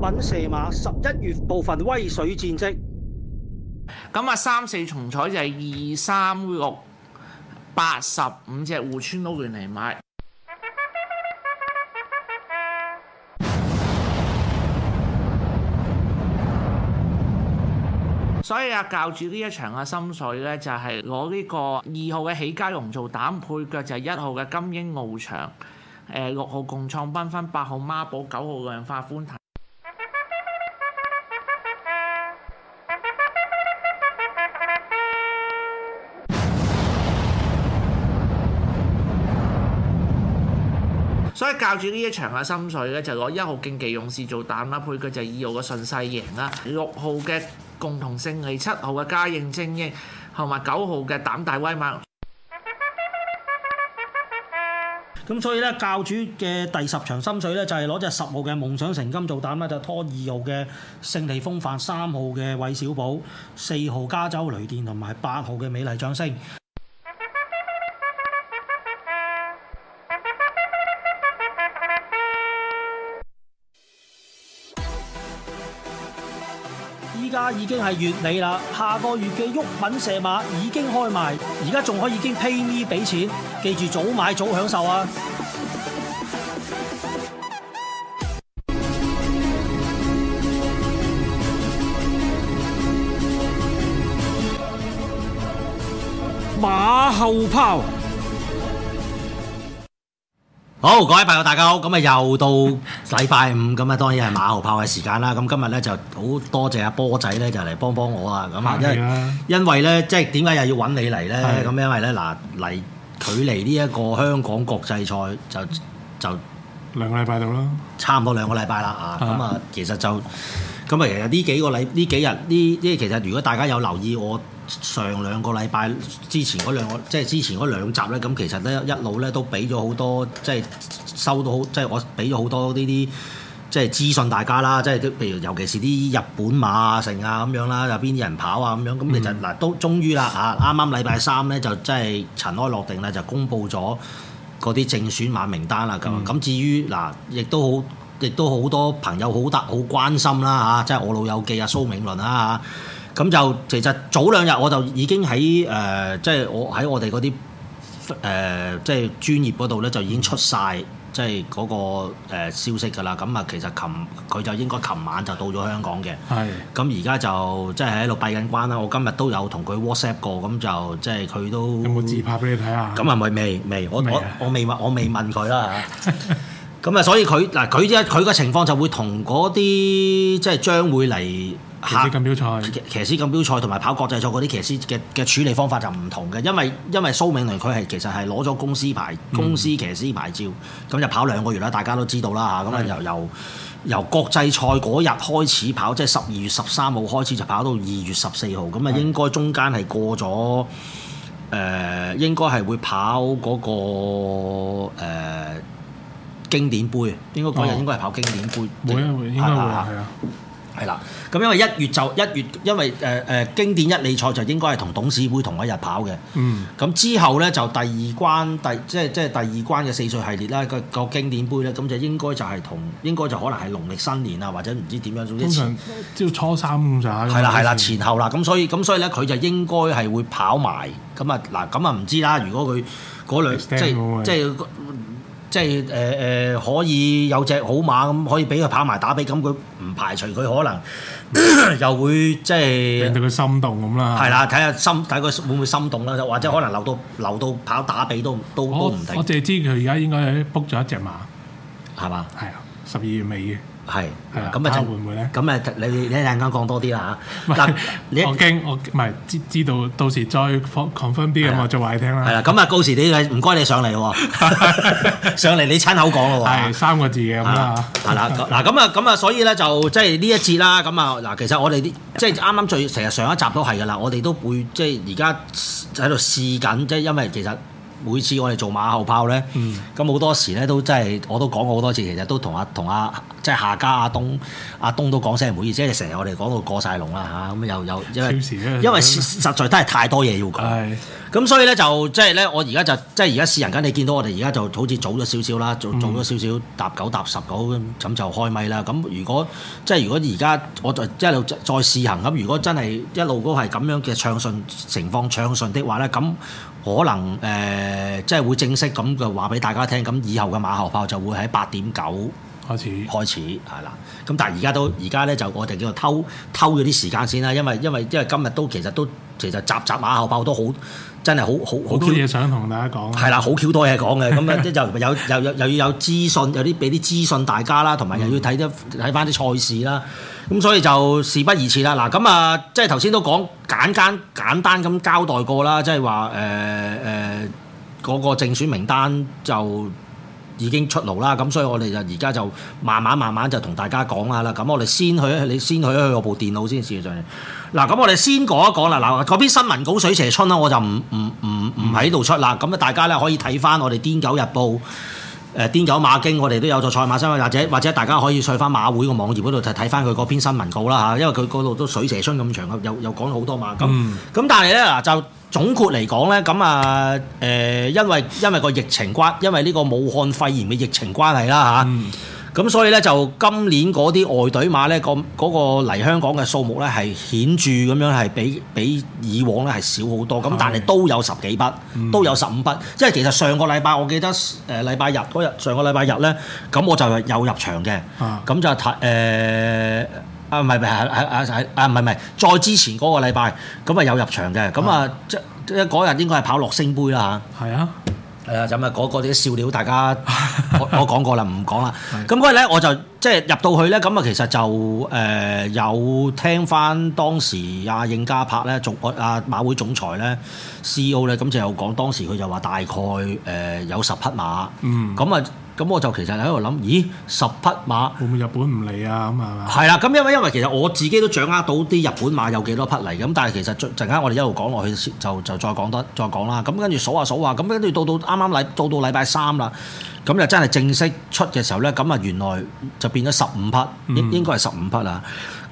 揾射馬十一月部分威水戰績，咁啊、嗯，三四重彩就係二三六八十五隻互村撈亂嚟買。所以啊，教主呢一場嘅心水呢，就係攞呢個二號嘅起家龍做膽配腳就係一號嘅金鷹傲翔，誒六號共創繽紛，八號孖寶，九號量化寬體。教主呢一場嘅心水咧，就攞一號競技勇士做膽啦，配佢就係二號嘅順勢贏啦，六號嘅共同勝利，七號嘅家應精英，同埋九號嘅膽大威猛。咁所以咧，教主嘅第十場心水咧，就係攞隻十號嘅夢想成金做膽啦，就拖二號嘅勝利風範，三號嘅韋小寶，四號加州雷電，同埋八號嘅美麗掌聲。已經係月尾啦，下個月嘅玉品射馬已經開賣，而家仲可以經 pay me 俾錢，記住早買早享受啊！馬後炮。好，各位朋友大家好，咁啊又到禮拜五，咁啊 當然係馬後炮嘅時間啦。咁今日咧就好多謝阿波仔咧，就嚟幫幫我啊。咁啊，因為因為咧，即係點解又要揾你嚟咧？咁的因為咧嗱，嚟距離呢一個香港國際賽就就兩個禮拜度啦，差唔多兩個禮拜啦。啊的，咁啊，其實就咁啊，其實呢幾個禮呢幾日呢，即係其實如果大家有留意我。上兩個禮拜之前嗰兩個，即係之前嗰兩集呢，咁其實呢一路呢都俾咗好多，即係收到好，即係我俾咗好多呢啲，即係資訊大家啦，即係譬如尤其是啲日本馬啊、剩啊咁樣啦，有邊啲人跑啊咁樣，咁其實嗱都終於啦嚇，啱啱禮拜三呢，就真係塵埃落定啦，就係、就公布咗嗰啲正選馬名單啦咁。咁至於嗱，亦都好，亦都好，都好多朋友好得好關心啦嚇，即係我老友記啊，蘇銘倫啊咁就其實早兩日我就已經喺誒、呃，即係我喺我哋嗰啲誒，即係專業嗰度咧就已經出晒、嗯、即係嗰個消息㗎啦。咁啊，其實琴佢就應該琴晚就到咗香港嘅。係是。咁而家就即係喺度閉緊關啦。我今日都有同佢 WhatsApp 過，咁就即係佢都。有冇自拍俾你睇下？咁係咪未未？我我我未問我未問佢啦嚇。 咁啊，所以佢嗱佢一佢嘅情況就會同嗰啲即係將會嚟騎師錦標賽、騎師錦標賽同埋跑國際賽嗰啲騎師嘅嘅處理方法就唔同嘅，因為因為蘇銘倫佢係其實係攞咗公司牌、嗯、公司騎師牌照，咁就跑兩個月啦，大家都知道啦吓，咁啊由是由由國際賽嗰日開始跑，即係十二月十三號開始就跑到二月十四號，咁啊應該中間係過咗誒是、呃、應該係會跑嗰、嗰個誒。呃經典杯，應該嗰日應該係跑經典杯，係啦、哦，係即啊，係啦、啊。咁、啊、因為一月就一月，因為誒誒、呃、經典一理賽就應該係同董事杯同一日跑嘅。嗯。咁之後咧就第二關第即係即係第二關嘅四歲系列啦，那個個經典杯咧，咁就應該就係同應該就可能係農曆新年啊，或者唔知點樣總之前朝初三咁上下。係啦係啦，啊、前後啦。咁所以咁所以咧，佢、嗯、就應該係會跑埋。咁啊嗱，咁啊唔知啦。如果佢嗰兩即係即係。即係誒誒可以有隻好馬咁，可以俾佢跑埋打比，咁佢唔排除佢可能、嗯、 又會即係令到佢心動咁啦。係啦，睇下心睇佢會唔會心動啦，或者可能留到留到跑打比都都我都唔定。我我淨係知佢而家應該 book 咗一隻馬係嘛？係啊吧，十二月尾嘅。係，咁啊就會唔會咧？咁啊，你你、啊、一陣間講多啲啦嚇。嗱，我驚我唔係知知道，到時再 confirm 啲咁啊，就話你聽啦。係啦，咁啊，到時你唔該你上嚟喎，上嚟你親口講咯喎。係三個字嘅咁啦。嗱咁啊，咁啊，所以咧就即係呢一節啦。咁啊嗱，其實我哋啲即係啱啱最成日上一集都係噶啦，我哋都會即係而家喺度試緊，即係因為其實。每次我哋做馬後炮咧，咁好、嗯、多時咧都真係，我都講過好多次，其實都同阿同阿即係夏家阿東阿東都講聲唔好意思，即係成日我哋講到過晒龍啦嚇，咁、啊、又又因為因為實在都係太多嘢要講，咁、哎、所以咧就即係咧，我而家就即係而家試行緊，你見到我哋而家就好似早咗少少啦，早早咗少少搭九搭十九咁就開咪啦。咁如果即係如果而家我就一路再試行咁，如果真係一路都個係咁樣嘅暢順情況暢順的話咧，咁。可能誒、呃，即係會正式咁嘅話俾大家聽，咁以後嘅馬後炮就會喺八點九開始開始係啦。咁但係而家都而家呢就我哋叫做偷偷咗啲時間先啦，因為因為因為今日都其實都。其實集集馬後砲都好，真係好好好多嘢想同大家講。係啦， 好巧多嘢講嘅，咁啊即係就有有有又要有資訊，有啲俾啲資訊大家啦，同埋又要睇啲睇翻啲賽事啦。咁所以就事不宜遲啦。嗱，咁啊即係頭先都講簡，簡，簡單簡單咁交代過啦，即係話誒誒嗰個正選名單就。已經出爐啦，咁所以我哋就而家就慢慢慢慢就同大家講下啦。咁我哋先去一去，你先去一去我部電腦試試先。事實上，嗱，咁我哋先講一講啦。嗱，嗰篇新聞稿水蛇春啦，我就唔唔唔唔喺度出啦。咁啊，大家咧可以睇翻我哋《癲狗日報》誒、呃《癲狗馬經》，我哋都有做賽馬新聞，或者或者大家可以上翻馬會個網頁嗰度睇睇翻佢嗰篇新聞稿啦嚇。因為佢嗰度都水蛇春咁長，又又講好多馬咁。咁、嗯、但係咧就。總括嚟講呢咁啊，誒、呃，因為因為個疫情關，因為呢個武漢肺炎嘅疫情關係啦吓，咁、嗯啊、所以呢，就今年嗰啲外隊馬呢、個嗰個嚟香港嘅數目呢，係顯著咁樣係比比以往呢係少好多，咁但係都有十幾筆，都有十五筆，即係、嗯、其實上個禮拜我記得誒禮拜日嗰日上個禮拜日呢，咁我就有入場嘅，咁就睇誒。呃啊，唔係，係係係係啊唔係唔係，再之前嗰個禮拜，咁啊有入場嘅，咁啊即係嗰日應該係跑落星杯啦嚇。係啊，係啊，就咪嗰個啲笑料，大家 我我講過啦，唔講啦。咁嗰日咧，我就即係、就是、入到去咧，咁啊其實就誒有、呃、聽翻當時阿應家柏咧，總阿馬會總裁咧，CEO 咧，咁就有講當時佢就話大概誒有十匹馬，嗯，咁啊。咁我就其實喺度諗，咦，十匹馬會唔會日本唔嚟啊？咁係嘛，係啦。咁因為因為其實我自己都掌握到啲日本馬有幾多匹嚟。咁但係其實最陣間我哋一路講落去就，就就再講多，再講啦。咁跟住數下數下，咁跟住到到啱啱禮到到禮拜三啦，咁就真係正式出嘅時候咧，咁啊原來就變咗十五匹，應、嗯、應該係十五匹啊。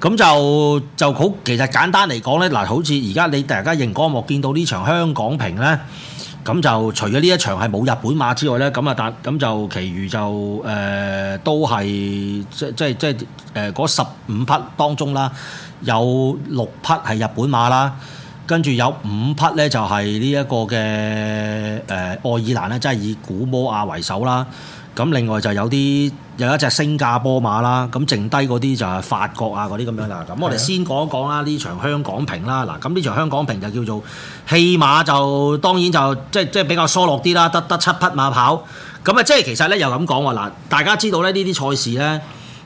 咁就就好，其實簡單嚟講咧，嗱好似而家你突然間熒光幕見到呢場香港瓶咧。咁就除咗呢一場係冇日本馬之外呢，咁啊但咁就，其餘就誒、呃、都係即即即誒嗰十五匹當中啦，有六匹係日本馬啦，跟住有五匹呢，就係呢一個嘅誒、呃、愛爾蘭咧，即係以古摩亞為首啦。咁另外就有啲有一隻新加坡馬啦，咁剩低嗰啲就係法國啊嗰啲咁樣啦。咁的我哋先講一講啦，呢場香港瓶啦。嗱的，咁呢場香港瓶就叫做棄馬就，就當然就即即、即係、比較疏落啲啦。得得七匹馬跑，咁啊的，即係其實咧又咁講喎。嗱，大家知道咧呢啲賽事咧，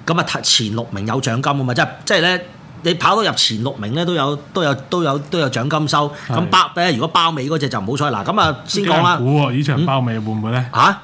咁啊前六名有獎金嘅嘛，即係即係咧你跑到入前六名咧都有都有都有都有獎金收。咁的包咧，如果包尾嗰隻就唔好彩。嗱，咁啊先講啦。估喎，呢場包尾會唔會咧？嚇、啊！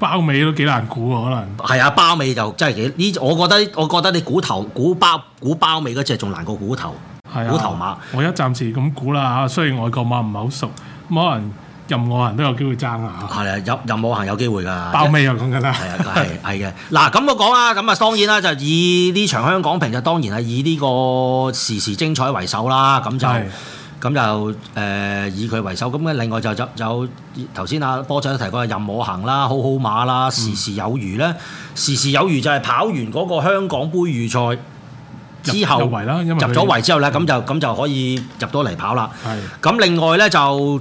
包尾都幾難估喎，可能係啊，包尾就真係幾呢？我覺得，我覺得你估頭估包估包尾嗰隻仲難過估頭，估、啊、頭馬。我一暫時咁估啦嚇，雖然外國馬唔係好熟，冇可能任何人都有機會爭啊！係啊，任任我行有機會㗎。包尾又講緊啦，係啊是，係係嘅。嗱咁我講啊。咁啊當然啦，就以呢場香港瓶就當然係以呢個時時精彩為首啦，咁就。咁就誒、呃、以佢為首，咁咧另外就有頭先阿波仔都提過任我行啦、好好馬啦、時時有餘咧，時時有餘就係跑完嗰個香港杯預賽之後入咗圍啦，因為入咗圍之後咧，咁、嗯、就咁就，就可以入到嚟跑啦。咁係 另外咧就誒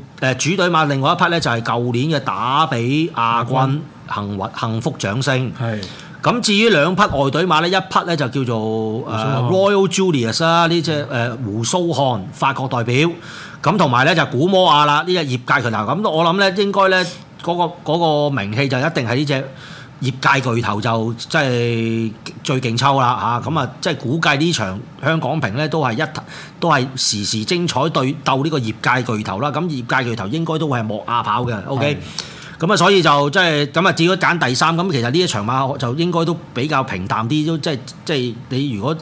主隊馬，另外一匹咧就係、係、舊年嘅打比亞軍幸幸福掌聲。係 咁至於兩匹外隊馬呢，一匹呢就叫做蘇、呃、Royal Julius 啦，呢隻誒胡蘇漢法國代表，咁同埋呢就古摩亞啦，呢隻業界巨頭。咁我諗呢應該呢、嗰、嗰、個嗰個名氣就一定係呢隻業界巨頭就即係最勁抽啦嚇。咁啊，即係估計呢場香港瓶呢都係一都係時時精彩對鬥呢個業界巨頭啦。咁業界巨頭應該都會係莫亞跑嘅，OK。咁啊，所以就即係咁啊，至於揀第三，咁其實呢一場馬就應該都比較平淡啲，都即係即係你如果誒、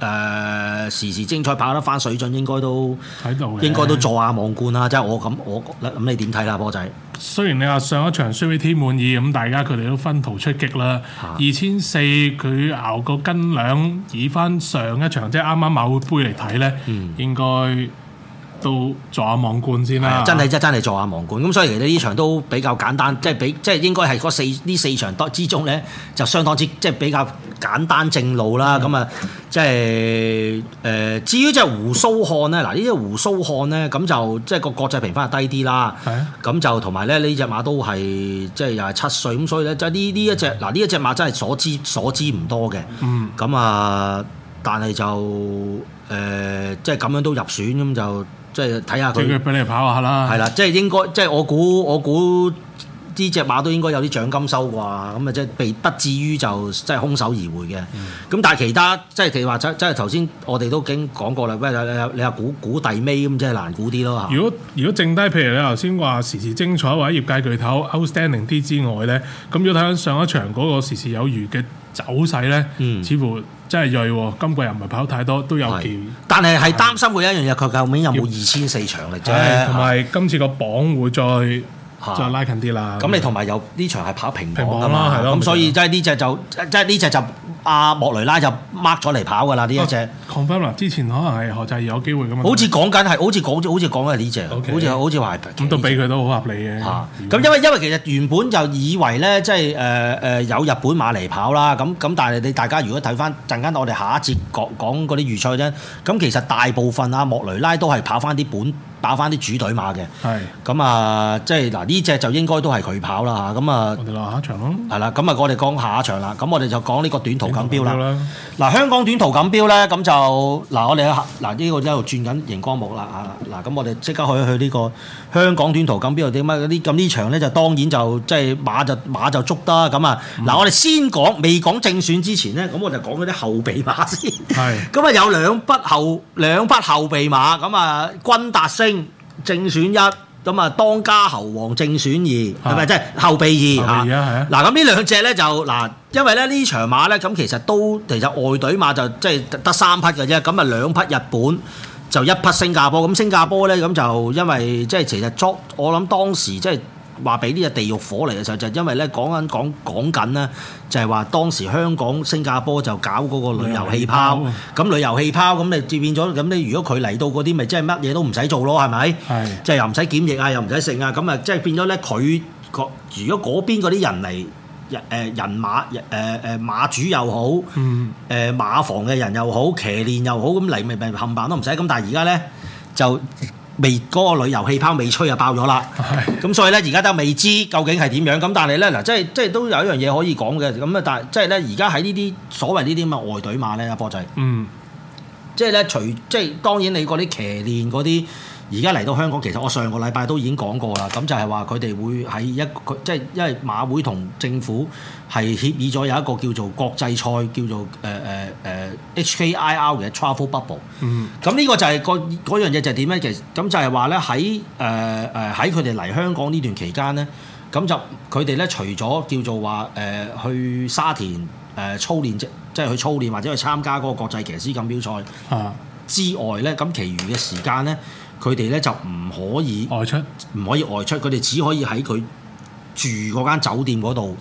呃、時時精彩跑得翻水準，應該都喺度，應該都坐下望冠啊！即係我咁，我咁你點睇啦，波仔？雖然你話上一場輸 V T 滿意，咁大家佢哋都分途出擊啦。二千四佢熬個斤兩，以翻上一場即係啱啱馬會杯嚟睇咧，嗯、應該。都做下望冠先啦，真係真真係做下望冠。咁所以其實呢場都比較簡單，即係比即係應該係嗰四呢四場之中咧，就相當之即係比較簡單正路啦。咁啊、嗯，即係誒、呃、至於即係胡蘇漢咧，嗱呢隻胡蘇漢咧，咁就即係個國際評分係低啲啦。咁、啊、就同埋咧呢隻馬都係即係又係七歲，咁所以咧即係呢呢一隻嗱呢一隻馬真係所知所知唔多嘅。咁啊、嗯，但係就誒、呃、即係咁樣都入選咁就。即係睇下佢，即係俾你跑下啦。係啦，即係應該，即係我估，我估呢隻馬都應該有啲獎金收啩。咁啊，即係被，不至於就即係空手而回嘅。咁、嗯、但係其他，即係譬如話，即係即係頭先我哋都已經講過啦。喂，你你話估估第尾咁，即係難估啲咯嚇。如果如果剩低，譬如你頭先話時時精彩或者業界巨頭 Outstanding 啲之外咧，咁要睇緊上一場嗰個時時有餘嘅走勢咧，似乎、嗯。真係鋭喎，今季又唔係跑太多，都有見。但係係擔心佢一樣嘢，佢後面有冇二千四場嚟啫。同埋今次個榜會再。再拉近啲啦。咁你同埋有呢場係跑平場㗎嘛，咁、啊、所以即係呢隻就即係呢隻就阿、這個啊、莫雷拉就 mark 咗嚟跑㗎啦呢一隻。Confirm 啦，之前可能係何就係有機會咁。好似講緊係，好似講好似講係呢隻，好似好似話。咁都俾佢都好合理嘅。咁、啊、裡面 因為因為其實原本就以為咧，即係誒誒有日本馬嚟跑啦。咁咁但係你大家如果睇翻陣間我哋下一節講講嗰啲預賽啫。咁其實大部分阿莫雷拉都係跑翻啲本。打翻啲主隊馬嘅，係咁啊，即係嗱呢隻就應該都係佢跑啦嚇，咁、嗯、啊，我哋落下場咯，係啦、嗯，咁啊我哋講下一場啦，咁我哋就講呢個短途錦標啦。嗱香港短途錦標咧，咁就嗱我哋嗱呢個一度轉緊熒光幕啦嚇，嗱咁我哋即刻去去呢、這個香港短途錦標又點啊？啲咁呢場咧就當然就即係馬就馬就捉得咁啊！嗱、嗯、我哋先講未講正選之前咧，咁我就講嗰啲後備馬先，係咁啊有兩匹後兩匹後備馬咁啊，君達星。正選一咁啊，當家猴王正選二，係咪、啊、即係後，後備二啊？嗱、啊，咁呢、啊、兩隻咧就嗱，因為咧呢場馬咧咁其實都其實外隊馬就即係得三匹嘅啫，咁啊兩匹日本就一匹新加坡，咁新加坡咧咁就因為即係其實捉，我諗當時即、就、係、係。話俾呢個地獄火嚟嘅時候，就是、因為咧講緊講講緊咧，就係、是、話當時香港、新加坡就搞嗰個旅遊氣泡，咁旅遊氣泡咁、啊、你變咗，咁你如果佢嚟到嗰啲，咪即係乜嘢都唔使做咯，係咪？係，就又唔使檢疫啊，又唔使剩啊，咁啊，即係變咗咧。佢如果嗰邊嗰啲人嚟，人誒人馬誒誒馬主又好，誒、嗯、馬房嘅人又好，騎練又好，咁嚟咪咪冚唪都唔使。咁但係而家咧就。未嗰個旅遊氣泡未吹就爆咗啦，咁是的 所以咧而家都未知究竟係點樣。咁但係咧嗱，即係即係都有一樣嘢可以講嘅。咁啊，但係即係咧，而家喺呢啲所謂呢啲咁嘅外隊馬咧，阿波仔，嗯即呢，即係咧，除即係當然你嗰啲騎練嗰啲。而家嚟到香港，其實我上個禮拜都已經講過啦。咁就係話佢哋會喺一佢即係因為馬會同政府係協議咗有一個叫做國際賽，叫做誒誒、呃、誒、呃、HKIR 嘅 Travel Bubble。嗯。咁呢個就係、是、個樣嘢就點咧？其實咁就係話咧喺誒誒喺佢哋嚟香港呢段期間咧，咁就佢哋咧除咗叫做話誒、呃、去沙田誒、呃、操練即係即係去操練或者去參加嗰個國際騎師錦標賽之外咧，咁、嗯、其餘嘅時間咧。佢哋咧就唔可以，出可以外出，唔可以外出，佢哋只可以喺佢住嗰間酒店嗰度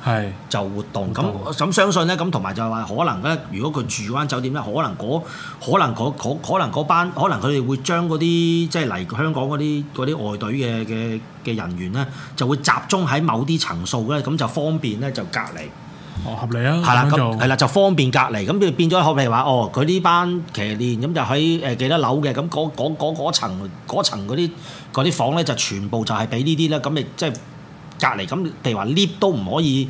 就活動。咁咁動相信咧，咁同埋就係話可能咧，如果佢住嗰間酒店咧，可能嗰可能嗰可能嗰班可能佢哋會將嗰啲即係嚟香港嗰啲嗰啲外隊嘅嘅嘅人員咧，就會集中喺某啲層數咧，咁就方便咧就隔離。哦，合理啊！係啦，咁係啦，就方便隔離，咁就變咗。譬如話，哦，佢呢班騎練咁就喺誒幾多樓嘅，咁嗰嗰嗰嗰層嗰層嗰啲嗰啲房咧，就全部就係俾呢啲啦。咁你即係隔離，咁譬如話 lift 都唔可以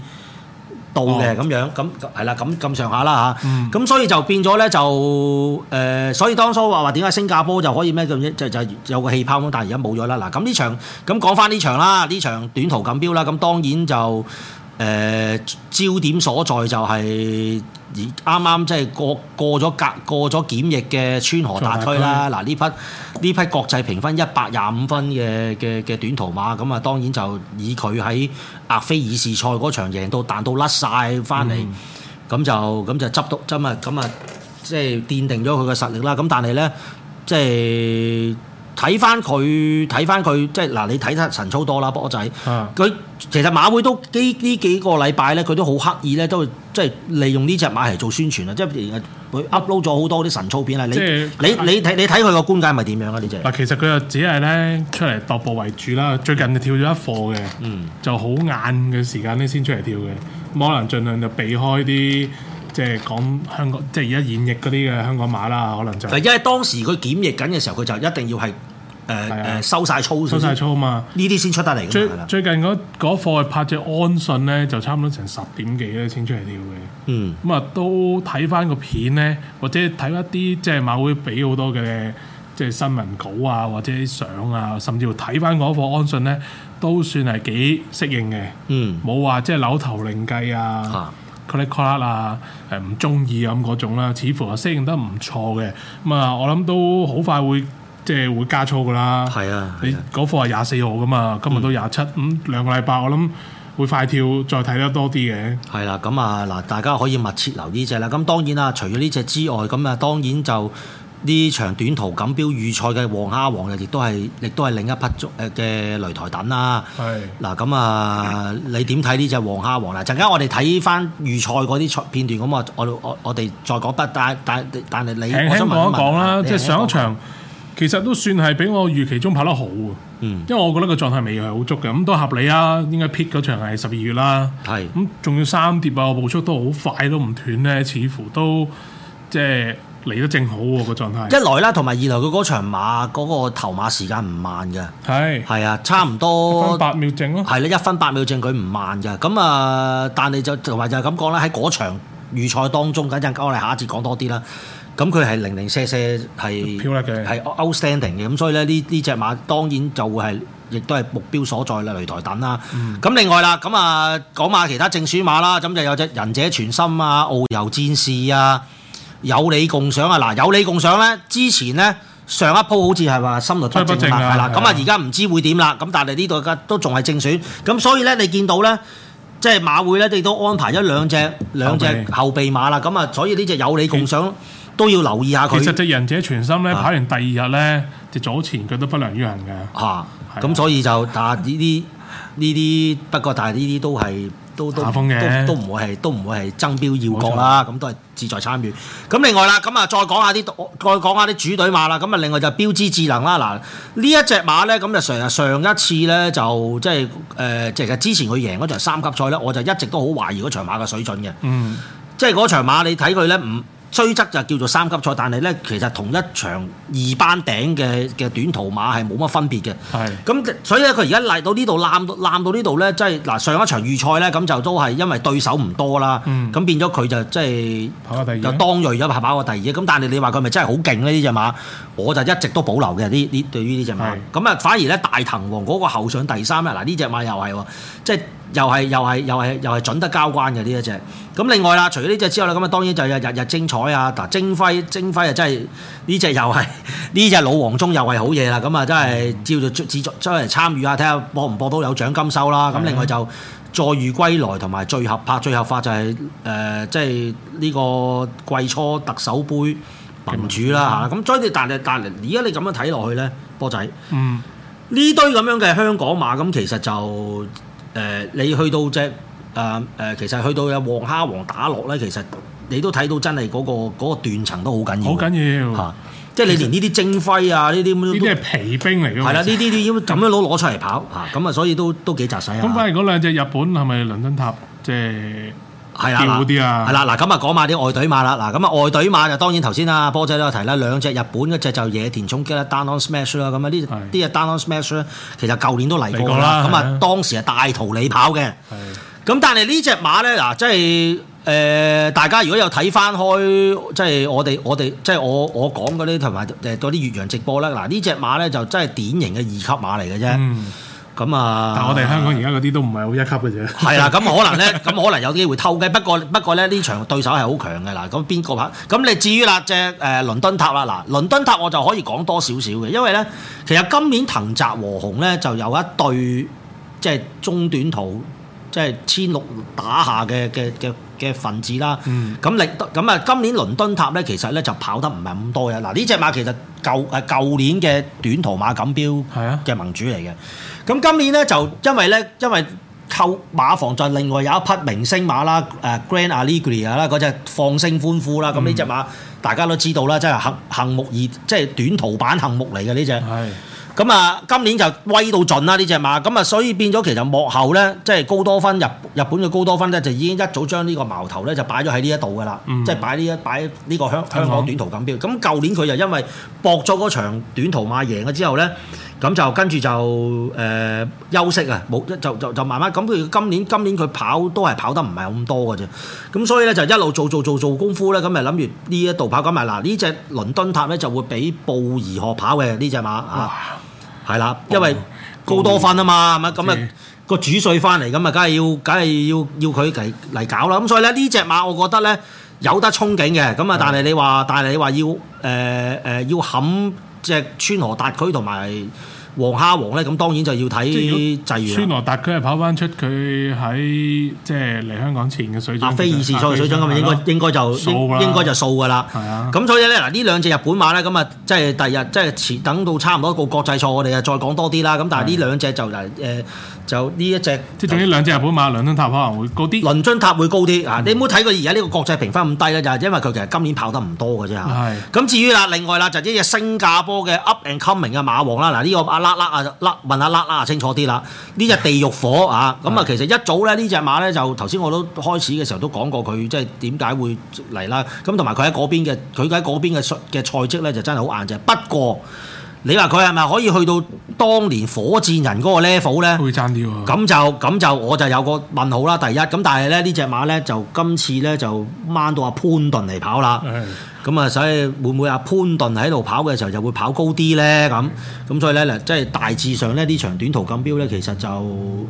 到嘅咁樣。咁係啦，咁咁上下啦嚇。咁所以就變咗咧，就誒，所以當初話話點解新加坡就可以咩咁即係就係有個氣泡咁，但係而家冇咗啦。嗱，咁呢場咁講翻呢場啦，呢場短途錦標啦，咁當然就。誒、呃、焦點所在就係啱啱即係過過咗隔過咗檢疫嘅川河達區啦，嗱呢匹呢匹國際評分一百廿五分嘅嘅嘅短途馬，咁啊當然就以佢喺阿非爾士賽嗰場贏到，彈到，彈到，嗯，彈到甩晒翻嚟，咁就咁就執到，咁啊咁啊即係奠定咗佢嘅實力啦。咁但係咧，即係。睇翻佢，睇翻佢，即係嗱，你睇得神操多啦，波仔。佢、啊、其實馬會都呢呢幾個禮拜咧，佢都好刻意咧，都會即係利用呢隻馬嚟做宣傳啊！即係佢 upload 咗好多啲神操片、嗯、你啊！你你你睇你睇佢個觀感係咪點樣啊？你就嗱，其實佢又只係咧出嚟踱步為主啦。最近就跳咗一課嘅，就好晏嘅時間咧先出嚟跳嘅，嗯、可能盡量就避開啲。即係講香港，即係而家演繹嗰啲嘅香港馬啦，可能就係。嗱，因為當時佢檢疫緊嘅時候，佢就一定要係誒誒收晒粗收晒粗嘛？呢啲先出得嚟。最，的最近嗰嗰課拍隻安信咧，就差唔多成十點幾咧先出嚟跳嘅。嗯。咁啊，都睇翻個片咧，或者睇一啲即係馬會俾好多嘅即係新聞稿啊，或者相啊，甚至乎睇翻嗰課安信咧，都算係幾適應嘅。嗯。冇話即係扭頭另計啊。啊啊 c o l l 唔中意咁嗰種啦，似乎啊適應得唔錯嘅，咁、嗯、啊我諗都好快會即係會加粗噶啦。係啊，啊你嗰課係廿四號噶嘛，今日都廿七，嗯，咁兩個禮拜我諗會快跳，再睇得多啲嘅。係啦，啊，咁啊嗱，大家可以密切留意隻啦。咁當然啦，啊，除咗呢隻之外，咁啊當然就。呢場短途錦標預賽嘅黃蝦王啊，亦都係亦都係另一匹誒嘅擂台等啦。係嗱咁啊，你點睇呢隻黃蝦王啊？陣間我哋睇翻預賽嗰啲賽片段，咁行啊，我我哋再講筆。但但但係你，我想講一講啦，即係上一場、啊、其實都算係比我預期中跑得好啊。嗯、因為我覺得個狀態未係好足嘅，咁都合理啊。應該 pit 嗰場係十二月啦。係咁是，仲要三碟啊，我步速都好快，都唔斷咧，似乎都即係。嚟得正好喎、啊，個狀態。一來啦，同埋二來佢嗰場馬嗰、嗰個頭馬時間唔慢嘅，係係是啊，差唔多一分八秒正咯、啊，係啦，一分八秒正，佢唔慢嘅。咁啊，但係就同埋就係咁講啦，喺嗰場預賽當中，等陣我哋下一節講多啲啦。咁佢係零零舍舍係飄忽嘅，係 outstanding 嘅。咁所以咧，呢呢隻馬當然就會係亦都係目標所在啦，擂台等啦。咁、嗯、另外啦，咁啊講下其他正選馬啦，咁就有隻仁者全心啊，遨遊戰士啊。有你共賞啊！嗱，有你共賞咧，之前咧上一鋪好似係話心律不正啦，係啦，啊，咁啊而家唔知會點啦。咁但係呢度都仲係正選，咁所以咧你見到咧，即係馬會咧你都安排咗兩隻兩隻後備馬啦。咁啊，所以呢隻有你共賞其都要留意下佢。其實隻人者全心咧，跑完第二日咧，就的早前佢都不良於行嘅。嚇，咁所以就但係呢啲呢啲不過，但係呢啲都係，都都唔會係都唔會係爭標要角啦，咁沒錯 都係志在參與。咁另外啦，咁啊再講下啲再講下啲主隊馬啦。咁啊另外就標誌智能啦。嗱呢一隻馬呢，咁就成日上一次呢，就即係誒，其實之前佢贏嗰場三級賽呢，我就一直都好懷疑嗰場馬嘅水準嘅。嗯，即係嗰場馬你睇佢呢。唔？雖則就叫做三級賽，但係咧其實同一場二班頂嘅嘅短途馬係冇乜分別嘅。係是，咁所以咧佢而家嚟到呢度攬攬到呢度咧，即係嗱上一場預賽咧，咁就都係因為對手唔多啦。嗯，咁變咗佢就即係就當鋭咗跑過第二。咁但係你你話佢咪真係好勁咧？呢隻馬我就一直都保留嘅。呢呢對於呢隻馬，咁啊是反而咧大騰王嗰、那個後上第三啊，嗱呢隻馬又係喎，即、就、係、是。又係又係又係又係準得交關嘅呢一隻。咁另外啦，除咗呢隻之外咧，咁啊當然就日日精彩啊！嗱，精輝精輝啊，真係呢隻又係呢隻老黃忠又係好嘢啦。咁啊真係叫做隻作將嚟參與下，睇下博唔博到有獎金收啦。咁、嗯、另外就再、是、遇歸來同埋最合拍、最合法就係、是、誒，即係呢個季初特首杯盟主啦嚇。咁所以、嗯嗯、你但係但係而家你咁樣睇落去咧，波仔嗯呢堆咁樣嘅香港馬，咁其實就。誒、呃，你去到隻啊誒，其實去到有黃蝦王打落咧，其實你都睇到真係嗰、那個嗰、那個斷層都好緊要，好緊要嚇、啊，即係你連呢啲精輝啊，呢啲咁，呢啲係皮兵嚟嘅。嘛、啊，係啦，呢啲啲咁樣攞攞出嚟跑嚇，咁啊，所以都都幾雜使啊。咁反而嗰兩隻日本係咪倫敦塔即係？係啦，係啦，嗱咁啊，講埋啲外隊馬啦，嗱咁啊，外隊馬就當然頭先啦，波仔都有提啦，兩隻日本嗰隻就野田衝擊啦，Danon Smash 啦，咁啊呢啲啲啊 Danon Smash 咧，其實舊年都嚟過啦，咁啊當時係大逃你跑嘅，咁的但係呢隻馬咧，嗱即係誒、呃、大家如果有睇翻開，即係我哋我哋即係我我講嗰啲同埋誒嗰啲越洋直播啦。嗱呢隻馬咧就真係典型嘅二級馬嚟嘅啫。嗯咁啊！但我哋香港而家嗰啲都唔係好一級嘅啫。係啦、 啊，咁可能咧，咁可能有機會偷雞。不過不過咧，呢場對手係好強嘅嗱。咁邊個拍？咁你至於啦隻誒倫敦塔啦嗱，倫敦塔我就可以講多少少嘅，因為咧，其實今年藤澤和雄咧就有一對即係、就是、中短途。即係千六打下嘅嘅嘅嘅份子啦，咁令咁啊今年倫敦塔咧，其實咧就跑得唔係咁多嘅。嗱呢隻馬其實舊誒舊年嘅短途馬錦標嘅盟主嚟嘅，咁、啊、今年咧就因為咧因為購馬房再另外有一匹明星馬啦，誒 Grand Allegria，啦嗰隻放聲歡呼啦，咁呢隻馬大家都知道啦，即係杏杏目而即係短途版杏目嚟嘅呢隻。咁啊，今年就威到盡啦呢隻馬，咁啊，所以變咗其實幕後咧，即係高多芬日日本嘅高多芬咧，就已經一早將呢個矛頭咧，就擺咗喺呢一度噶啦，即係擺呢一擺呢個香香港短途錦標。咁舊、嗯嗯、年佢就因為博咗嗰場短途馬贏咗之後咧。咁就跟住就誒、呃、休息啊，冇一就就就慢慢咁。佢今年今年佢跑都係跑得唔係咁多嘅啫。咁所以咧就一路做做做做功夫咧，咁咪諗住呢一度跑咁埋嗱呢隻倫敦塔咧就會畀布宜諾跑嘅呢隻馬啊，係啦、嗯，因為高多分啊嘛，咁啊個主帥翻嚟，咁啊梗係要梗係要要佢嚟嚟搞啦。咁、嗯、所以咧呢隻馬我覺得咧有得憧憬嘅，咁啊但係你話但係你話要誒誒要冚？呃要即係川河達區，同埋，黃蝦王咧，咁當然就要睇際遇啦。舒羅特佢係跑翻出佢喺即係嚟香港前嘅水準，亞非二賽嘅水準咁啊，應該應該就應該就數㗎啦。係啊，咁所以咧嗱，呢兩隻日本馬咧，咁啊，即係第日即係遲等到差唔多個國際賽，我哋啊再講多啲啦。咁但係呢兩隻就嚟誒，就呢一隻即係呢兩隻日本馬，倫敦塔可能會高啲。倫敦塔會高啲啊！你冇睇過而家呢個國際評分咁低咧，就係因為佢其實今年跑得唔多嘅啫。咁至於啦，另外啦，就呢隻新加坡嘅 Up and Coming 嘅馬王啦，嗱呢個拉拉啊，拉問下拉啊，清楚啲啦。呢隻地獄火啊，咁啊、 嗯，其實一早咧，呢隻馬咧就頭先我都開始嘅時候都講過，佢即係點解會嚟啦。咁同埋佢喺嗰邊嘅佢喺嗰邊嘅嘅賽績咧就真係好硬嘅。不過。你話佢係咪可以去到當年火箭人嗰個 level 咧？會爭啲喎。咁就咁就我就有個問號啦。第一咁，但係咧呢隻馬咧就今次咧就掹到阿潘頓嚟跑啦。咁啊的，所以會唔會阿、啊、潘頓喺度跑嘅時候就會跑高啲咧？咁咁所以咧嗱，即係大致上咧呢場短途錦標咧，其實就誒、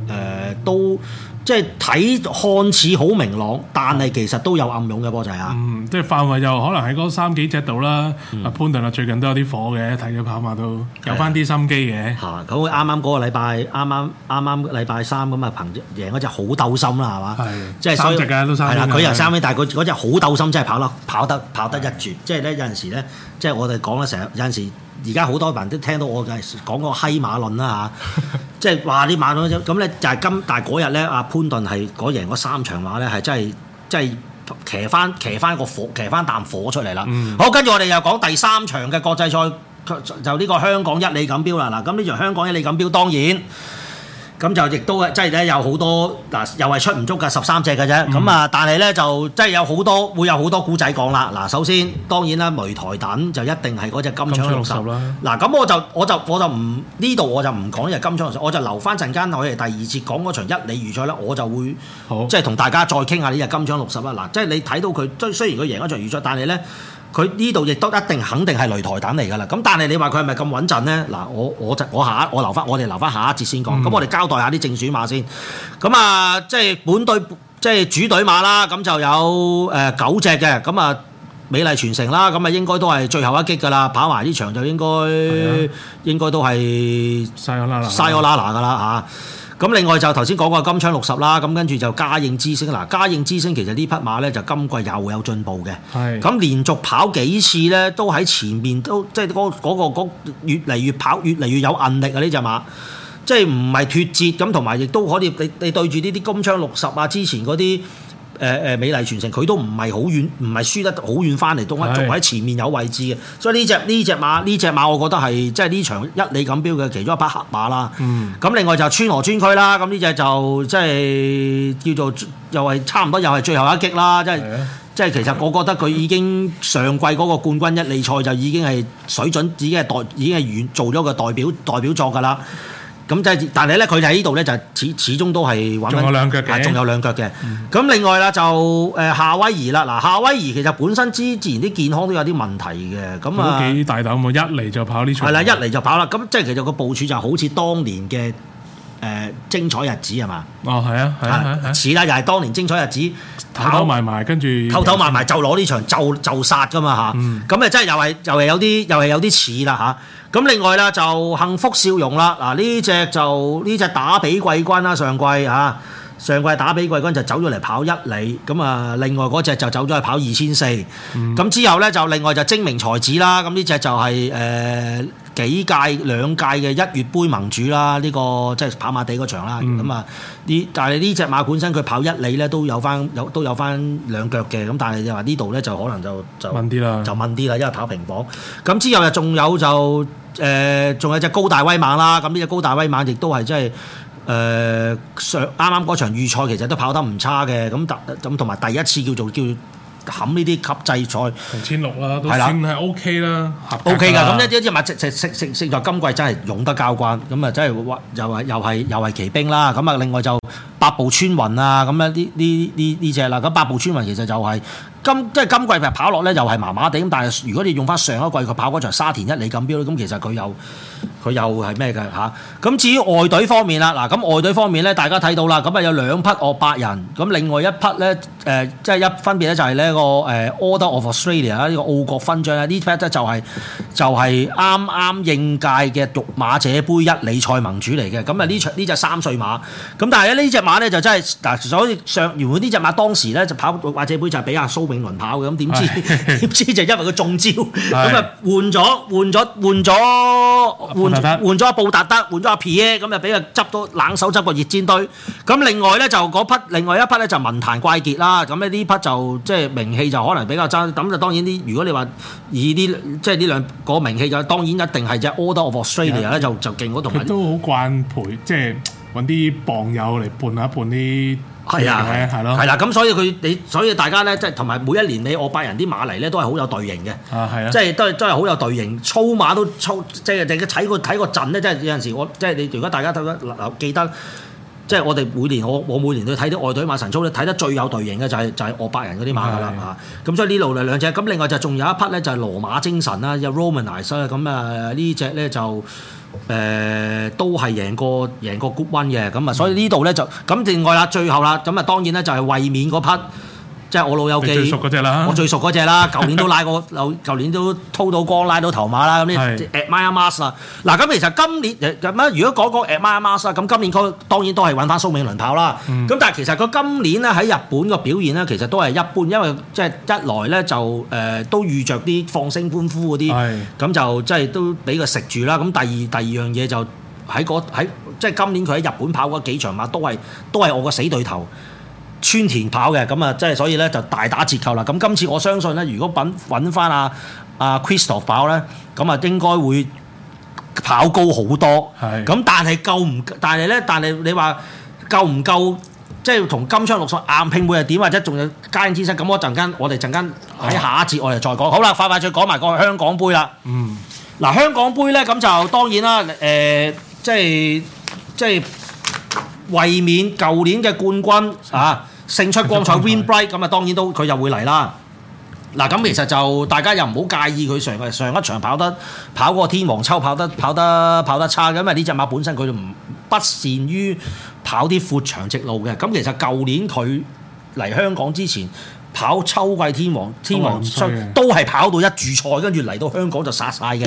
呃、都。即係睇看，看似好明朗，但係其實都有暗湧嘅波仔啊！嗯，即係範圍又可能喺嗰三幾隻度啦。阿、嗯、潘頓啊，最近都有啲火嘅，睇咗跑馬都有翻啲心機嘅。嚇，咁啱啱嗰個禮拜，啱啱啱啱禮拜三咁啊，憑贏嗰隻好鬥心啦，係嘛？係。即係三隻嘅，係啦，佢又三尾，但係佢嗰隻好鬥心，真係即係跑咯，跑得跑得一絕。即係咧，有陣時咧，即係我哋講咧，成日有陣時。而家好多人都聽到我嘅講個閪馬論啦嚇，即係話啲馬嗰咁咧，就係今但係嗰日咧，阿潘頓係嗰贏嗰三場馬咧，係真係即係騎翻騎翻個火騎翻啖火出嚟啦。嗯、好，跟住我哋又講第三場嘅國際賽，就呢個香港一哩錦標啦。嗱，咁呢場香港一哩錦標當然。咁就亦都係即係咧，有好多嗱，又係出唔足㗎十三隻嘅啫。咁啊、嗯，但係咧就即係有好多會有好多古仔講啦。嗱，首先當然啦，擂台躉就一定係嗰隻金槍六十槍。嗱，咁我就我就我就唔呢度我就唔講呢隻金槍六十，我就留返陣間我哋第二節講嗰場一哩預賽咧，我就會即係同大家再傾下呢隻金槍六十啊。嗱，即係你睇到佢雖雖然佢贏一場預賽，但係咧。佢呢度亦都一定肯定係擂台等嚟㗎啦，咁但係你話佢係咪咁穩陣咧？嗱，我我我下一我留翻我哋留翻下、下一節先講，咁、嗯、我哋交代下啲正選馬先，咁啊即係本隊即係主隊馬啦，咁就有誒九、呃、隻嘅，咁啊美麗傳承啦，咁啊應該都係最後一擊㗎啦，跑埋呢場就應該、啊、應該都係嘥咗啦啦嘥咗啦啦㗎啦嚇。咁另外就頭先講過金槍六十啦，咁跟住就嘉應之星啦。嘉應之星其實呢匹馬呢，就今季又有進步嘅，咁是的 連續跑幾次呢，都喺前面，都即係嗰、嗰個、嗰個嗰個、越嚟越跑越嚟越有韌力啊！呢隻馬即係唔係脫節咁，同埋亦都可以你你對住呢啲金槍六十啊之前嗰啲。誒誒、呃、美麗傳承，佢都唔係好遠，唔係輸得好遠翻嚟，都仲喺前面有位置嘅，是的 所以呢隻呢隻馬呢隻馬，隻馬我覺得係即係呢場一哩錦標嘅其中一匹黑馬啦。咁、嗯、另外就川河川區啦，咁呢隻就即係叫做又係差唔多又係最後一擊啦，即係是的 即係其實我覺得佢已經上季嗰個冠軍一哩賽就已經係水準已，已經係代已經係遠做咗個代表代表作㗎啦。咁即係，但係咧，佢就喺呢度咧就始始終都係揾緊，仲有兩腳嘅，仲、啊、有兩腳嘅。咁、嗯、另外啦，就誒夏威夷啦，嗱夏威夷其實本身之之前啲健康都有啲問題嘅，咁啊，都幾大膽喎，一嚟就跑呢場，係啦，一嚟就跑啦。咁即係其實個部署就好似當年嘅。誒精彩日子係嘛？哦，係啊，係啊，似啦，又係當年精彩日子，偷偷埋埋跟住，偷偷埋埋就攞呢場就就殺㗎嘛吓，咁誒真係又係又係有啲又係有啲似啦吓，咁、啊、另外啦就幸福笑容啦，嗱呢隻就呢隻打比季軍啦上季啊，上季打比季軍就走咗嚟跑一里，咁啊另外嗰隻就走咗去跑二千四，咁之後咧就另外就精明才子啦，咁呢隻就係、係、誒。呃呃幾屆兩屆嘅一月杯盟主啦，呢、呢個即係跑馬地嗰場啦，咁啊呢但係呢隻馬本身佢跑一哩咧都有返有都有返兩腳嘅，咁但係你話呢度咧就可能就就啲啦，就問啲點啦，啦，因為跑平磅。咁之後又仲有就誒仲、呃、有隻高大威猛啦，咁呢隻高大威猛亦都係即係誒上啱啱嗰場預賽其實都跑得唔差嘅，咁同咁同埋第一次叫做叫。冚呢啲級制賽，同千六啦，都算係 OK 啦，的啦，OK 噶，咁一一隻物，食食食食食在今季真係，用得交關，咁啊真係，又係，又係，又係，奇兵啦。咁啊，另外就八步穿雲啊，咁一啲啲啲呢隻啦。咁八步穿雲其實就係、是今即係今季其實跑落咧又係麻麻地咁，但係如果你用翻上一季佢跑嗰場沙田一哩錦標咧，咁其實佢又佢又係咩嘅嚇？咁、啊、至於外隊方面啦，嗱、啊、咁外隊方面咧，大家睇到啦，咁啊有兩匹俄八人。咁另外一匹咧誒，即、呃、係一分別咧就係呢個 Order of Australia，呢個澳國勳章啊，呢匹咧就係、是、就係啱啱應屆嘅育馬者杯一哩賽盟主嚟嘅。咁啊呢場呢隻三歲馬，咁但係呢隻馬咧就真係嗱、啊、所以上原本呢隻馬當時咧就跑育馬者杯就係畀阿蘇永倫跑嘅，咁點知，點知就因為佢中招，咁啊，換咗換咗換咗換換咗布達德，換咗阿皮耶，咁就俾佢執到冷手執個熱煎堆。咁另外咧，就嗰匹另外一匹咧，就文壇怪傑啦，咁咧，呢匹就即係名氣就可能比較爭，咁就當然啲，如果你話以啲即係呢兩個名氣就當然一定係隻 Order of Australia 咧，就就勁嗰度都好慣陪，即係揾啲傍友嚟伴下伴啲。係啊，係啊，係咯、啊，係啦、啊，咁所以佢你所以大家咧，即係同埋每一年你俄伯人啲馬嚟咧，都係好有隊形嘅。啊，啊，即係都係都係好有隊形，操馬都操，即係你睇個睇個陣咧，即係有陣時我即係你如果大家睇得記得，即係我哋每年我我每年都睇啲外隊馬神操，咧，睇得最有隊形嘅就係、是、就係俄伯人嗰啲馬噶啦嚇。咁、啊啊嗯、所以呢度兩兩隻，咁另外就仲有一匹咧，就係羅馬精神啦，有 Romanize 啦，咁啊呢隻咧就。誒、呃、都係贏過贏過 good one 嘅咁啊，所以呢度咧就咁、嗯、另外啦，最後啦咁啊，當然咧就係衛冕嗰匹。即係我老友記，最熟啦我最熟嗰隻啦，舊 年都拉過，舊年都偷到光，拉到頭馬啦，咁呢 Admire Mars 嗱，咁其實今年咁乜？如果講個 Admire Mars 咁今年佢當然都係揾翻蘇美倫跑啦。咁、嗯、但係其實佢今年咧喺日本個表現咧，其實都係一般，因為即係一來咧就誒、呃、都遇着啲放聲歡呼嗰啲，咁是就即係都俾佢食住啦。咁第二第二樣嘢就喺嗰喺即係今年佢喺日本跑嗰幾場馬都係都係我個死對頭。村田跑嘅咁啊，即係所以咧就大打折扣啦。咁今次我相信咧，如果揾揾翻阿阿 Crystal 跑咧，咁啊應該會跑高好多。係是。咁但係夠唔但係咧？但係你話夠唔夠？即係同金鎗六十硬拼會係點？或者仲有加硬之身？咁我陣間我哋陣間喺下一節我哋再講。啊、好啦，快快脆講埋個香港杯啦。嗯。嗱、啊，香港杯咧咁就當然啦。誒、呃，即係即係衛冕舊年嘅冠軍啊！嗯勝出光彩 Win Bright 咁啊，當然都佢又會嚟啦。嗱，咁其實就大家又唔好介意佢上上一場跑得跑個天王秋跑得跑得跑得差，因為呢隻馬本身佢就唔不擅於跑啲闊長直路嘅。咁其實舊年佢嚟香港之前跑秋季天王天王秋都係跑到一注賽，跟住嚟到香港就殺晒嘅。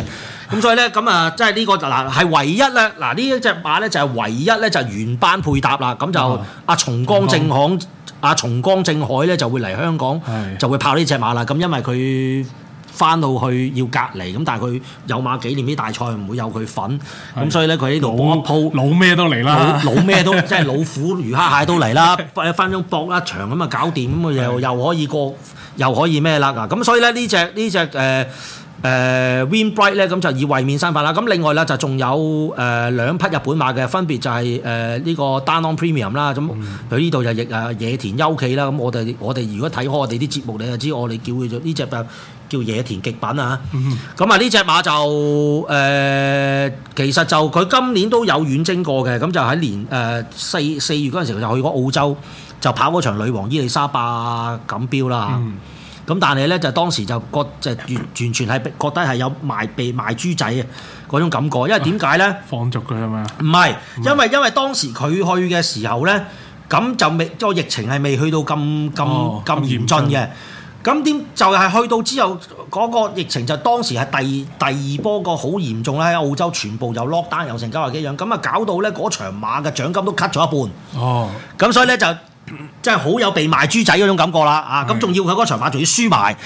咁 所以呢，咁啊、這個，即係呢個嗱係唯一咧，嗱呢一隻馬呢，就係唯一呢，就係原班配搭啦。咁就阿松、嗯、江正行。啊！松江正海咧就會嚟香港，是就會拍呢隻馬啦。咁因為佢翻到去要隔離，咁但係佢有馬紀念啲大賽唔會有佢份，咁是所以咧佢呢度搏一鋪，老咩都嚟啦，老咩都即係老虎魚蝦蟹都嚟啦，一翻張搏一場咁啊，搞掂，咁 又又可以過，又可以咩啦？咁所以咧呢隻呢隻誒。誒、uh, Win Bright 咧咁就以衛冕身份啦，咁另外咧就仲有誒、呃、兩匹日本馬嘅，分別就係誒呢個單 on premium 啦，咁佢呢度就野野田優企啦，咁我哋我哋如果睇開我哋啲節目，你就知我哋叫佢做呢隻叫野田極品啊，咁啊呢隻馬就誒、呃、其實就佢今年都有遠征過嘅，咁就喺年誒四四月嗰陣時就去過澳洲，就跑嗰場女王伊麗莎白錦標啦。嗯。咁但係咧就當時就覺就完完全係覺得係有賣被賣豬仔嘅嗰種感覺，因為點解咧？放逐佢係咪唔係？是是因為因為當時佢去嘅時候咧，咁就未個疫情係未去到咁咁咁嚴峻嘅。咁點峻就係、是、去到之後嗰、那個疫情就當時係第二第二波個好嚴重啦，喺澳洲全部又落 o 又成九廿幾樣，咁啊搞到咧嗰、那個、場馬嘅獎金都 cut 咗一半。哦，咁所以咧就。即係好有被賣豬仔嗰種感覺啦，啊是，咁仲要佢嗰場馬仲要輸埋，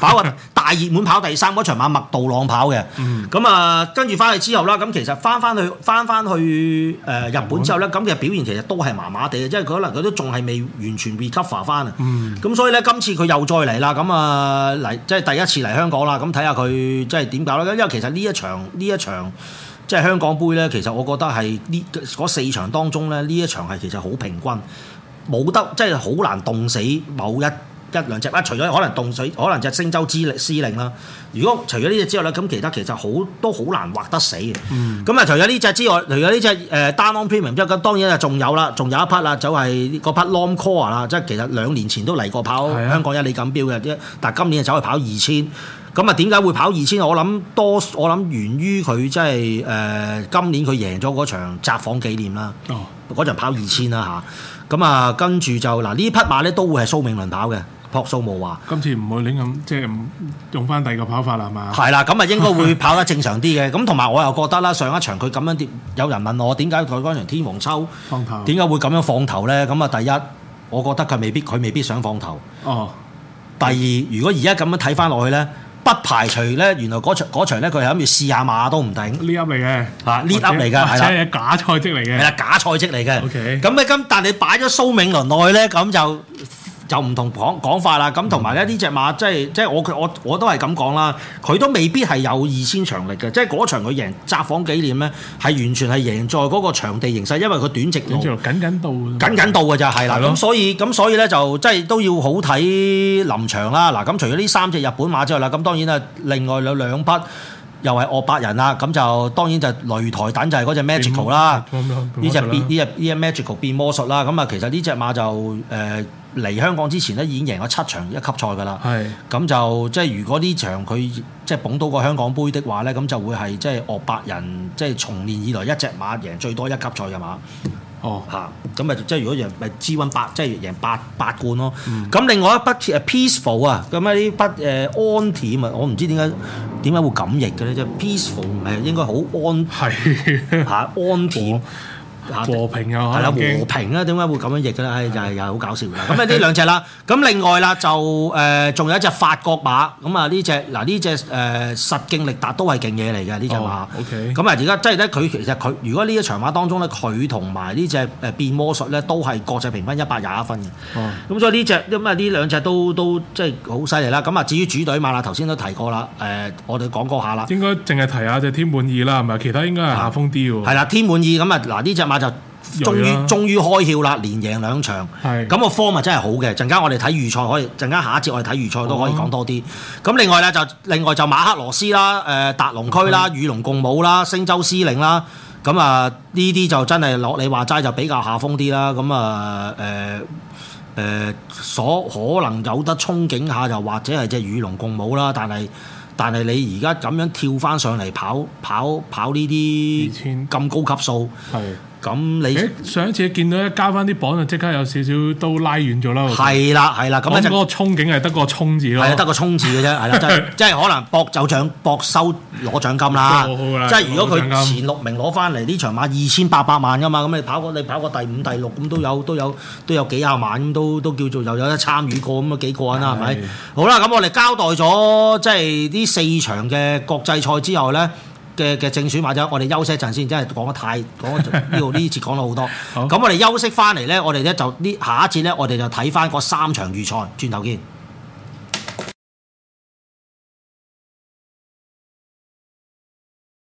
跑 大熱門跑第三嗰場馬麥道朗跑嘅，咁啊跟住翻去之後啦，咁其實翻翻去翻翻去誒日本之後咧，咁其實表現其實都係麻麻地嘅，即係佢可能佢都仲係未完全 recover 翻啊，咁、嗯、所以咧今次佢又再嚟啦，咁啊嚟即係第一次嚟香港啦，咁睇下佢即係點搞啦，因為其實呢一場呢一場即係香港杯咧，其實我覺得係呢四場當中咧呢一場係其實好平均。冇得即係好難凍死某一一兩隻啦，除咗可能凍死，可能隻星洲之力司令啦。如果除咗呢隻之外咧，咁其他其實好都好難劃得死嘅。咁啊，除咗呢隻之外，除咗呢隻誒單 on premium 之後，咁當然啊，仲有啦，仲有一匹啦，就係嗰匹 long core 啦，即係其實兩年前都嚟過跑香港一哩錦標嘅，是啊、但係今年啊走去跑二千。咁啊，點解會跑二千？我諗多，我諗源於佢即係誒今年佢贏咗嗰場札幌紀念啦。哦，嗰場跑二千啦嚇。咁啊，跟住、嗯、就嗱，呢匹馬咧都會係蘇明倫跑嘅，朴素無華。今次唔會亂咁，即係用翻第二個跑法啦嘛。係啦， 咁啊應該會跑得正常啲嘅。咁同埋我又覺得啦，上一場佢咁樣跌，有人問我點解佢嗰場天王秋，點解跑會咁樣放頭咧？咁啊，第一，我覺得佢未必，佢未必想放頭。哦。第二，如果而家咁樣睇翻落去咧。不排除咧，原來嗰場嗰場咧，佢係諗住試下馬都唔定。呢粒嚟嘅，呢粒嚟嘅，而且係假菜式嚟嘅，係啊，假菜式嚟嘅。咁咧咁，但係你擺咗蘇銘倫落去咧，咁就。就唔同講講法啦，咁同埋咧呢隻馬即係即係我我我都係咁講啦，佢都未必係有二千場力嘅，即係嗰場佢贏札幌紀念咧，係完全係贏在嗰個場地形勢，因為佢短直路緊緊到緊緊到嘅就係啦，咁所以咁所以咧就即係都要好睇臨場啦。嗱，咁除咗呢三隻日本馬之外啦，咁當然啊，另外有兩匹又係惡八人啦，咁就當然就擂台躉就係嗰隻 Magical 啦，呢隻呢隻呢隻 Magical 變魔術啦，咁啊其實呢隻馬就誒。嚟香港之前咧已經贏咗七場一級賽㗎啦是，咁就即係如果呢場佢即係捧到個香港杯的話咧，咁就會係即係岳八人即係、就是、從年以來一隻馬贏最多一級賽嘅馬。哦，嚇！咁咪即係如果贏咪資運八，即係贏八八冠咯。咁、嗯、另外一筆誒 Peaceful 啊，咁啊呢筆誒安恬啊，我唔知點解點解會咁譯嘅咧？即、就、係、是、Peaceful 唔係應該好安係嚇是的、嗯啊、安恬。 和平啊，係啦，和平啊，點解會咁樣譯嘅咧？又係又係好搞笑啦。咁啊呢兩隻啦，咁 另外啦就誒，仲、呃、有一隻法國馬，咁啊呢隻嗱呢隻誒實勁力達都係勁嘢嚟嘅呢隻馬。哦、OK，咁啊而家即係咧，佢其實佢如果呢一場馬當中咧，佢同埋呢隻誒變魔術咧都係國際評分一百廿一分嘅。哦，咁所以呢隻咁啊呢兩隻都都，都即係好犀利啦。咁啊至於主隊馬啦，頭先都提過啦，誒、呃、我哋講過下啦。應該淨係提下隻天滿意啦，係咪？其他應該係下風啲喎。係啦，天滿意咁啊嗱，呢隻馬。就終於終於開竅啦，連贏兩場。係咁的個科咪真係好嘅。陣間我哋睇預賽可以，陣間下一節我哋睇預賽都可以講多啲。咁、嗯、另外咧就另外就馬克羅斯啦、誒、呃、達龍區啦、與龍共舞啦、星洲司令啦。咁啊呢啲就真係落你話齋就比較下風啲啦。咁啊誒誒、呃呃、所可能有得憧憬下就，就或者係只與龍共舞啦。但係但係你而家咁樣跳翻上嚟跑跑跑呢啲咁高級數係。2000. 咁你上一次見到一加翻啲榜，就即刻有少少都拉遠咗啦，係啦係啦。咁嗰個憧憬係得個衝字咯，係得個衝字嘅啫。係啦，即係即係可能博走獎，博收攞獎金啦。即係如果佢前六名攞翻嚟，呢場馬二千八百萬㗎嘛，咁你跑過你跑過第五、第六，咁都有都有都有幾廿萬，都都叫做又有得參與過咁啊幾個人啦，係咪？好啦，咁我哋交代咗即係呢四場嘅國際賽之後咧。嘅正選馬仔，我哋休息一陣先，真係講得太呢個呢次講咗好、這個、 多。咁好我哋休息翻嚟咧，我哋咧就呢下一次咧，我哋就睇翻嗰三場預賽，轉頭見。